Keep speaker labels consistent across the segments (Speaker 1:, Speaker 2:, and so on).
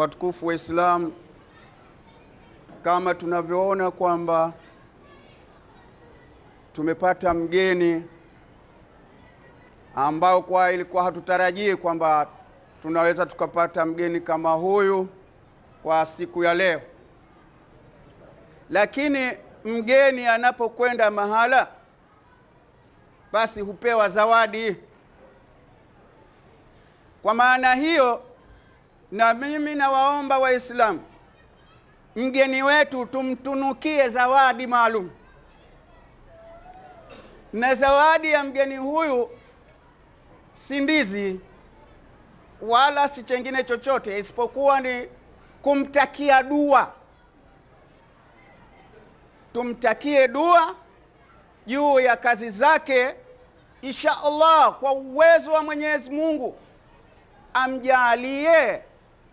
Speaker 1: watukufu wa Islam, kama tunavyoona kwamba tumepata mgeni ambao kwa ilikuwa hatutarajii kwamba tunaweza tukapata mgeni kama huyu kwa siku ya leo, lakini mgeni anapokwenda mahala basi hupewa zawadi. Kwa maana hiyo na mimi nawaomba Waislamu, mgeni wetu tumtunukie zawadi maalum, na zawadi ya mgeni huyu si ndizi wala si chengine chochote isipokuwa ni kumtakia dua. Tumtakie dua juu ya kazi zake, insha Allah, kwa uwezo wa Mwenyezi Mungu amjalie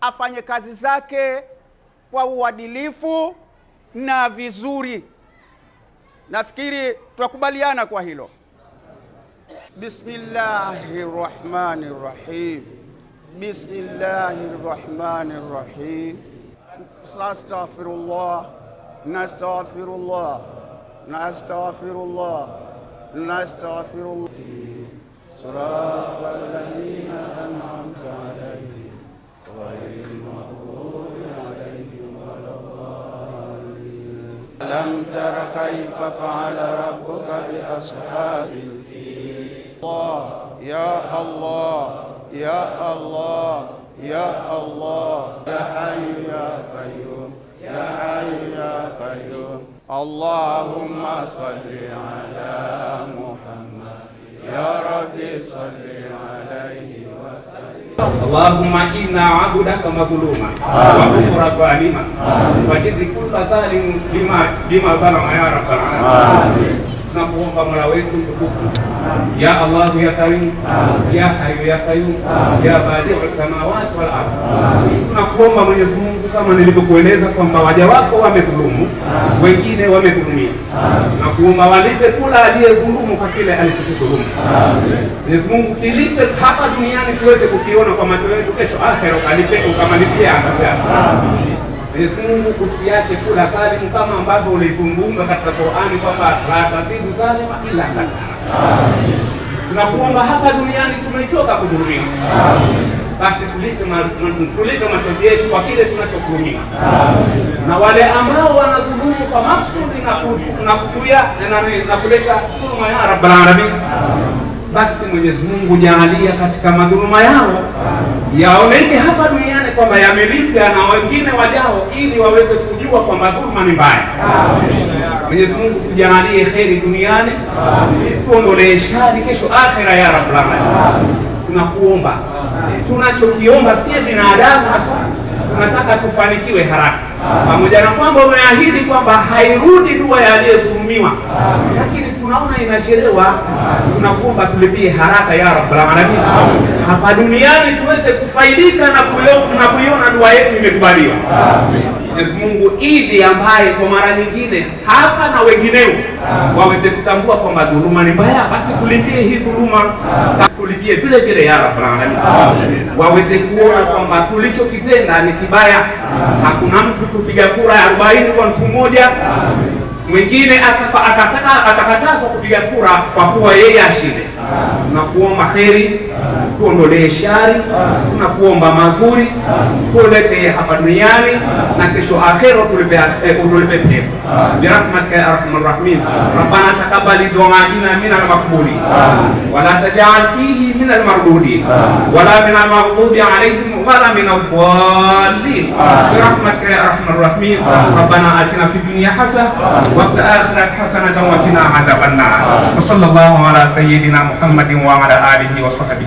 Speaker 1: afanye kazi zake kwa uadilifu na vizuri. Nafikiri tutakubaliana kwa hilo.
Speaker 2: Bismillahir Rahmanir Rahim. Bismillahir Rahmanir Rahim. Astaghfirullah. Nastaghfirullah. Nastaghfirullah. Nastaghfirullah. Siratal ladhina ألم تر كيف فعل ربك بأصحاب الفيل يا الله يا الله يا الله يا حي يا قيوم يا حي يا قيوم اللهم صل على محمد يا ربي صل على
Speaker 3: Allahumma inna abudaka madhuluma wa kufra dhalima wajizi kulla dhalim bima dhalama ya rabbal alamin tunapoomba Mola wetu mtukufu, ya Allahu ya Karimu, ya Hayyu ya Qayyum, ya badi samawati wal ardh, tunakuomba Mwenyezi Mungu, kama nilivyokueleza kwamba waja wako wamedhulumu, wengine wamedhulumia, tunakuomba walipe kula aliyedhulumu kwa kile alichokudhulumu. Mwenyezi Mungu, kilipe hapa duniani tuweze kukiona kwa macho yetu, kesho akhera ukalipe ukamalizia Mwenyezi Mungu usiache kula dhalimu kama ambavyo ulizungumza katika Qur'ani kwamba la tazidu dhalima illa zaka. Amin. Tunakuomba hapa duniani tumechoka kudhulumiwa. Amin. Basi tulipe machozi yetu kwa kile tunachokudhulumiwa. Amin. Na wale ambao wanadhulumu kwa maksudi na kuzuia na kuleta dhuluma ya Rabbul Alamin. Amin basi Mwenyezi Mungu jaalia katika madhuluma yao yaoneke hapa duniani kwamba yamelipwa na wengine wajao, ili waweze kujua kwamba dhuluma ni mbaya. Mwenyezi Mungu tujaalie kheri duniani, tuondolee shari kesho akhera ya rabbal alamin. Tunakuomba, tunachokiomba sie binadamu hasa tunataka tufanikiwe haraka, pamoja na kwamba umeahidi kwamba hairudi dua ya aliye kuhukumiwa, lakini tunaona inachelewa. Tunakuomba tulipie haraka ya rabbal alamin, hapa duniani tuweze kufaidika na kuiona dua yetu imekubaliwa. Mwenyezi Mungu idi ambaye kwa mara nyingine hapa na wengineo waweze kutambua kwamba dhuluma ni mbaya, basi kulipie hii dhuluma, kulipie vile vile ya rabbal alamin, waweze kuona kwamba tulichokitenda ni kibaya. Hakuna mtu kupiga kura ya arobaini kwa mtu mmoja mwingine atakatazwa kupiga kura kwa kuwa yeye ashinde. Tunakuomba heri tuondolee shari, tunakuomba mazuri, tuletee hapa duniani na kesho akhera, utulipe eh, pepo birahmatika ya arhamar rahimin. Rabbana taqabbal du'aana min al-maqbuli wa la taj'al fihi min al-mardudi wa la min al-maghdubi alayhim wa la min ad-dallin birahmatika ya arhamar rahimin. Rabbana atina fid dunya hasana wa fil akhirati hasanatan wa qina adhaban nar. Sallallahu ala sayyidina Muhammadin wa ala alihi wa sahbihi